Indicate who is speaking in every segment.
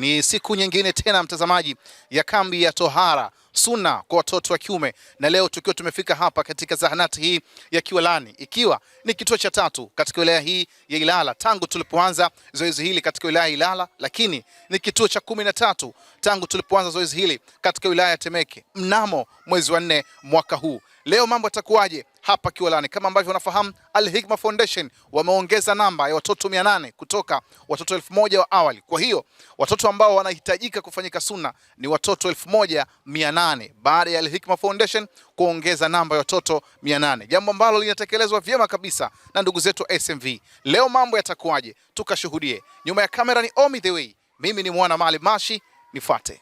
Speaker 1: Ni siku nyingine tena mtazamaji, ya kambi ya tohara suna kwa watoto wa kiume, na leo tukiwa tumefika hapa katika zahanati hii ya Kiwalani, ikiwa ni kituo cha tatu katika wilaya hii ya Ilala tangu tulipoanza zoezi hili katika wilaya ya Ilala, lakini ni kituo cha kumi na tatu tangu tulipoanza zoezi hili katika wilaya ya Temeke mnamo mwezi wa nne mwaka huu. Leo mambo yatakuwaje? hapa Kiwalani. Kama ambavyo unafahamu, Al Hikma Foundation wameongeza namba ya watoto 800 kutoka watoto 1000 wa awali. Kwa hiyo watoto ambao wanahitajika kufanyika sunna ni watoto 1800 baada ya Al Hikma Foundation kuongeza namba ya watoto 800, jambo ambalo linatekelezwa vyema kabisa na ndugu zetu SMV. Leo mambo yatakuwaje? Tukashuhudie. Nyuma ya kamera ni Omi the way, mimi ni mwana Mali Mashi, nifuate.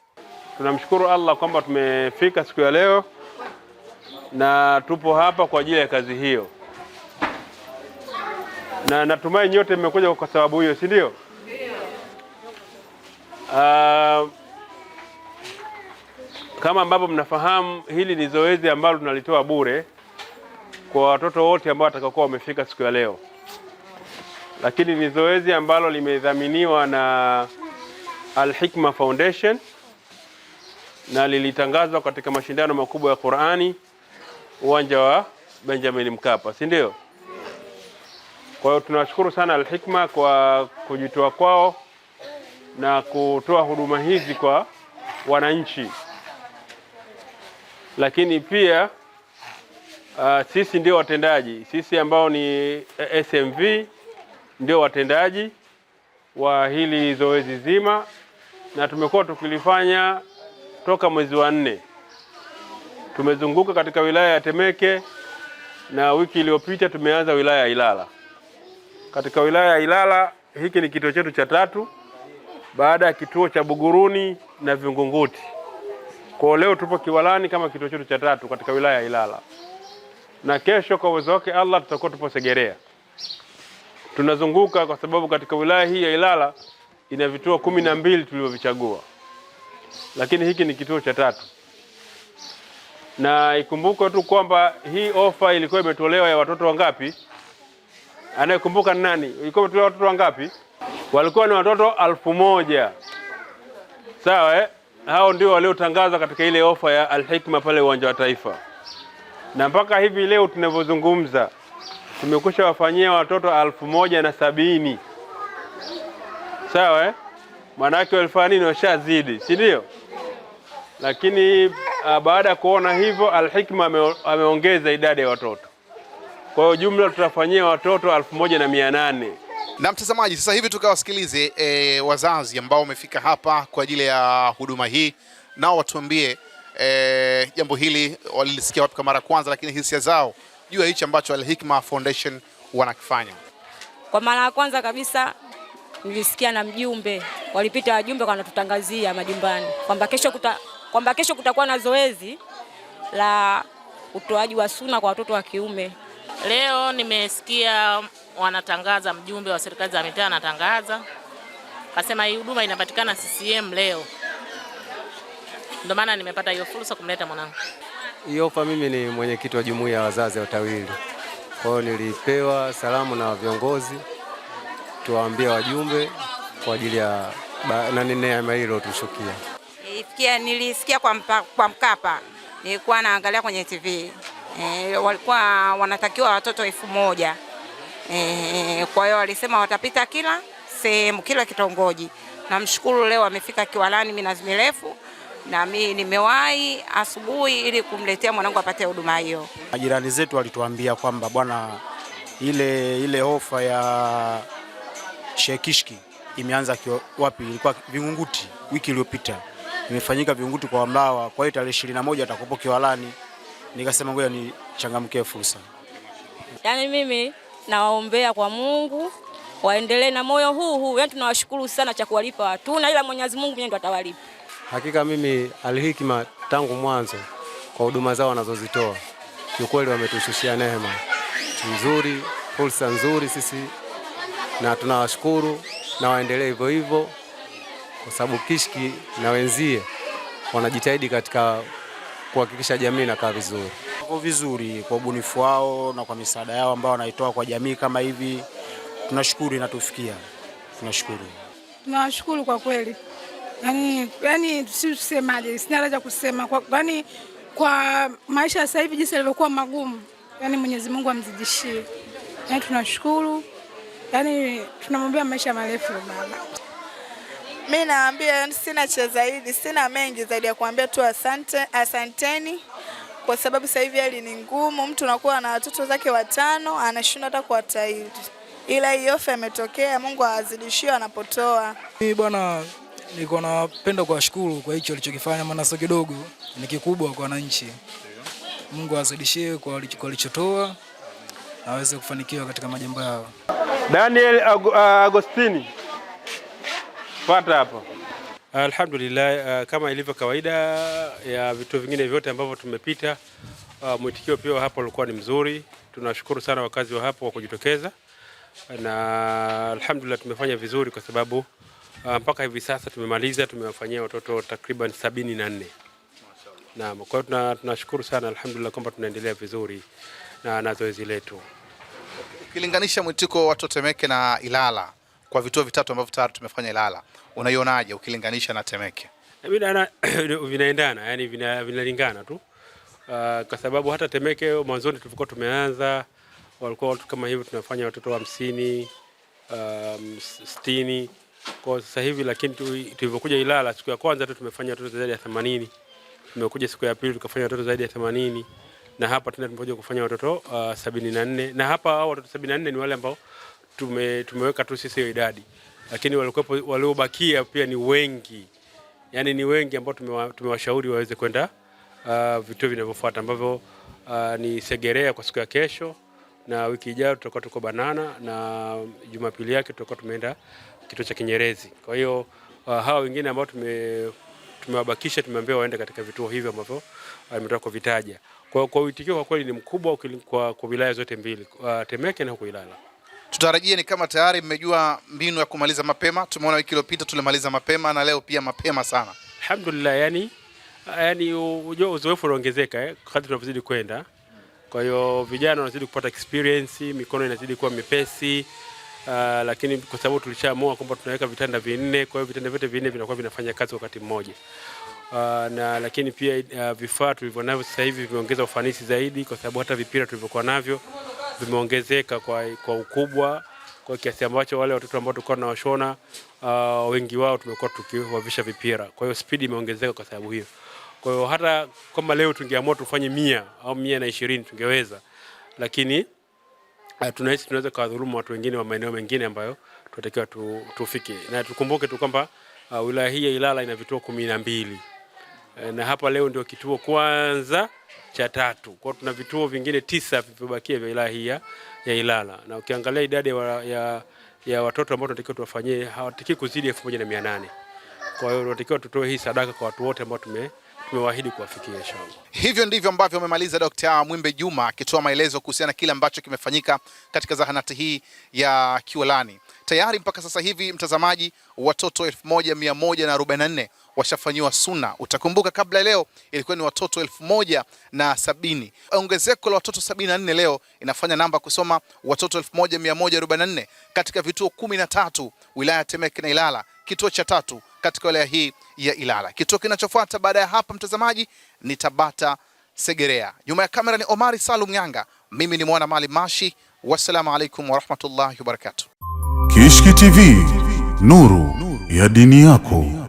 Speaker 2: Tunamshukuru Allah kwamba tumefika siku ya leo na tupo hapa kwa ajili ya kazi hiyo, na natumai nyote mmekuja kwa sababu hiyo, si ndio? Uh, kama ambavyo mnafahamu hili ni zoezi ambalo tunalitoa bure kwa watoto wote ambao watakaokuwa wamefika siku ya leo, lakini ni zoezi ambalo limedhaminiwa na Al Hikma Foundation na lilitangazwa katika mashindano makubwa ya Qur'ani uwanja wa Benjamin Mkapa, si ndio? Kwa hiyo tunashukuru sana Al-Hikma kwa kujitoa kwao na kutoa huduma hizi kwa wananchi, lakini pia uh, sisi ndio watendaji, sisi ambao ni eh, SMV ndio watendaji wa hili zoezi zima, na tumekuwa tukilifanya toka mwezi wa nne. Tumezunguka katika wilaya ya Temeke na wiki iliyopita tumeanza wilaya ya Ilala. Katika wilaya ya Ilala hiki ni kituo chetu cha tatu baada ya kituo cha Buguruni na Vingunguti. Kwa leo tupo Kiwalani kama kituo chetu cha tatu katika wilaya ya Ilala, na kesho kwa uwezo wake Allah tutakuwa tupo Segerea. Tunazunguka kwa sababu katika wilaya hii ya Ilala ina vituo kumi na mbili tulivyovichagua, lakini hiki ni kituo cha tatu na ikumbuke tu kwamba hii ofa ilikuwa imetolewa ya watoto wangapi? Anayekumbuka nani? Ilikuwa imetolewa watoto wangapi? Walikuwa ni watoto alfu moja. Sawa eh? Hao ndio waliotangazwa katika ile ofa ya Al-Hikma pale uwanja wa Taifa, na mpaka hivi leo tunavyozungumza tumekusha wafanyia watoto alfu moja na sabini. Sawa eh? Maanake walifanya nini? Washazidi, si ndio? Lakini Ah, baada ya kuona hivyo, Alhikma ameongeza idadi ya watoto. Kwa hiyo jumla tutafanyia watoto elfu moja na mia nane
Speaker 1: na mtazamaji, sasa hivi tukawasikilize e, wazazi ambao wamefika hapa kwa ajili ya huduma hii, nao watuambie e, jambo hili walilisikia wapi kwa mara ya kwanza, lakini hisia zao juu ya hichi ambacho Al-Hikma Foundation wanakifanya.
Speaker 3: Kwa mara ya kwanza kabisa nilisikia na mjumbe, walipita wajumbe wanatutangazia majumbani kwamba kesho kuta kwamba kesho kutakuwa na zoezi la utoaji wa suna kwa watoto wa kiume.
Speaker 4: Leo nimesikia wanatangaza, mjumbe wa serikali za mitaa anatangaza, kasema hii huduma inapatikana CCM leo, ndio maana nimepata hiyo fursa kumleta mwanangu.
Speaker 5: Hiyo ofa, mimi ni mwenyekiti wa jumuiya ya wazazi ya utawili, kwa hiyo nilipewa salamu na viongozi tuwaambie wajumbe kwa ajili ya nani neema hilo tushukia
Speaker 6: nilisikia, nilisikia kwa, mpa, kwa Mkapa nilikuwa naangalia kwenye TV eh, walikuwa wanatakiwa watoto elfu moja eh, kwa hiyo walisema watapita kila sehemu kila kitongoji. Namshukuru leo amefika Kiwalani minazi mirefu, na mimi nimewahi asubuhi ili kumletea mwanangu apate huduma hiyo.
Speaker 7: Majirani zetu walituambia kwamba bwana, ile ile ofa ya shekishki imeanza wapi? Ilikuwa Vingunguti wiki iliyopita imefanyika Vingunguti kwa Mlawa, Kwa hiyo tarehe ishirini na moja Kiwalani, nikasema ngoja nichangamkie fursa.
Speaker 8: Yaani mimi nawaombea kwa Mungu waendelee na moyo huu huu, yaani tunawashukuru sana, cha kuwalipa hatuna, ila Mwenyezi Mungu yeye atawalipa.
Speaker 5: Hakika mimi Alhikma tangu mwanzo kwa huduma zao wanazozitoa kiukweli, wametushushia neema nzuri, fursa nzuri sisi, na tunawashukuru na waendelee hivyo hivyo kwa sababu Kishki na wenzie wanajitahidi katika kuhakikisha jamii inakaa vizuri.
Speaker 7: Wako vizuri kwa ubunifu wao na kwa misaada yao ambao wanaitoa kwa jamii kama hivi, tunashukuru inatufikia. Tunashukuru,
Speaker 9: tunawashukuru kwa kweli. Yani, yani tusemaje, sina la cha kusema kwa, yani kwa maisha ya sasa hivi jinsi yalivyokuwa magumu, yani Mwenyezi Mungu amzidishie. Yani tunashukuru, yani tunamwambia maisha marefu baba.
Speaker 10: Mi naambia sina cha zaidi, sina mengi zaidi ya kuambia tu asante, asanteni kwa sababu sasa hivi hali ni ngumu, mtu anakuwa na watoto zake watano anashindwa hata kuwatahiri, ila hii ofa imetokea, Mungu awazidishie anapotoa.
Speaker 11: Mimi bwana, niko napenda kuwashukuru kwa hicho alichokifanya, maana sio kidogo, ni kikubwa kwa wananchi. Mungu awazidishie kwa alichotoa, aweze kufanikiwa katika majambo yao.
Speaker 2: Daniel uh, Agostini. Fuata hapo. Alhamdulillah, uh, kama ilivyo kawaida ya vituo vingine vyote ambavyo tumepita, uh, mwitikio pia hapo ulikuwa ni mzuri. Tunashukuru sana wakazi wa hapo kwa kujitokeza, na alhamdulillah tumefanya vizuri kwa sababu uh, mpaka hivi sasa tumemaliza, tumewafanyia watoto takriban sabini na nne. Naam, kwa hiyo tunashukuru sana alhamdulillah kwamba tunaendelea vizuri na, na zoezi letu.
Speaker 1: Ukilinganisha mwitiko wa Temeke na Ilala kwa vituo vitatu ambavyo tayari tumefanya Ilala, unaionaje ukilinganisha na Temeke?
Speaker 2: Vinaendana, yani vinalingana tu, uh, kwa sababu hata Temeke mwanzoni tulikuwa tumeanza walikuwa watu kama hivi tunafanya watoto hamsini wa um, sitini kwa sasa hivi, lakini tulivyokuja Ilala siku ya kwanza tu tumefanya watoto zaidi ya 80. Tumekuja siku ya pili tukafanya watoto zaidi ya 80 na hapa tena tumekuja kufanya watoto uh, ah, 74 na na hapa hao watoto 74 ni wale ambao tume, tumeweka tu sisi hiyo idadi, lakini walikuwepo waliobakia pia ni wengi, yani ni wengi ambao tumewashauri tume waweze kwenda uh, vituo vinavyofuata ambavyo uh, ni Segerea kwa siku ya kesho na wiki ijayo tutakuwa tuko Banana na Jumapili yake tutakuwa tumeenda kituo cha Kinyerezi. Kwa hiyo uh, hawa wengine ambao tume tumewabakisha tumeambia waende katika vituo hivyo ambavyo nimetoka kuvitaja. Kwa kwa uitikio kwa kweli ni mkubwa kwa, kwa wilaya zote mbili uh, Temeke na huko Ilala
Speaker 1: tutarajie ni kama tayari mmejua mbinu ya kumaliza mapema. Tumeona wiki iliyopita tulimaliza mapema na leo pia mapema sana,
Speaker 2: alhamdulillah. Yani, yani unajua uzoefu unaongezeka eh, kadri tunavyozidi kwenda. Kwa hiyo vijana wanazidi kupata experience, mikono inazidi kuwa mepesi. Uh, lakini kwa sababu tulishaamua kwamba tunaweka vitanda vinne, kwa hiyo vitanda vyote vinne vinakuwa vinafanya kazi wakati mmoja. Uh, na lakini pia uh, vifaa tulivyonavyo sasa hivi vimeongeza ufanisi zaidi, kwa sababu hata vipira tulivyokuwa navyo vimeongezeka kwa, kwa ukubwa kwa kiasi ambacho wale watoto ambao tulikuwa tunawashona uh, wengi wao tumekuwa tukiwavisha vipira. Kwa hiyo spidi imeongezeka kwa sababu hiyo. Kwa hiyo hata kama leo tungeamua tufanye mia au mia na ishirini tungeweza, lakini uh, tunahisi tunaweza kuwadhulumu watu wengine wa maeneo mengine ambayo tunatakiwa tufike, na tukumbuke tu kwamba uh, wilaya hii ya Ilala ina vituo kumi na mbili. Eh, na hapa leo ndio kituo kwanza cha tatu. Kwa tuna vituo vingine tisa vilivyobakia vya wilaya hii ya Ilala, na ukiangalia idadi ya, ya, ya watoto ambao tunatakiwa tuwafanyie hawatakiwi kuzidi elfu moja na mia nane. Kwa hiyo tunatakiwa tutoe hii sadaka kwa watu wote ambao tume tumewaahidi kuwafikia inshallah.
Speaker 1: Hivyo ndivyo ambavyo amemaliza Dr. Mwimbe Juma akitoa maelezo kuhusiana na kile ambacho kimefanyika katika zahanati hii ya Kiwalani tayari mpaka sasa hivi mtazamaji, watoto 1144 washafanyiwa suna. Utakumbuka kabla leo ilikuwa ni watoto elfu Ongezeko la watoto 74 leo inafanya namba kusoma watoto 1144 katika vituo 13 wilaya ya Temeke na Ilala, kituo cha tatu katika wilaya hii ya Ilala. Kituo kinachofuata baada ya hapa mtazamaji ni Tabata Segerea. Nyuma ya kamera ni Omari Salum Nyanga, mimi ni mwana Mali Mashi. Wassalamu alaikum warahmatullahi wabarakatuh. Kishki TV, nuru ya dini yako.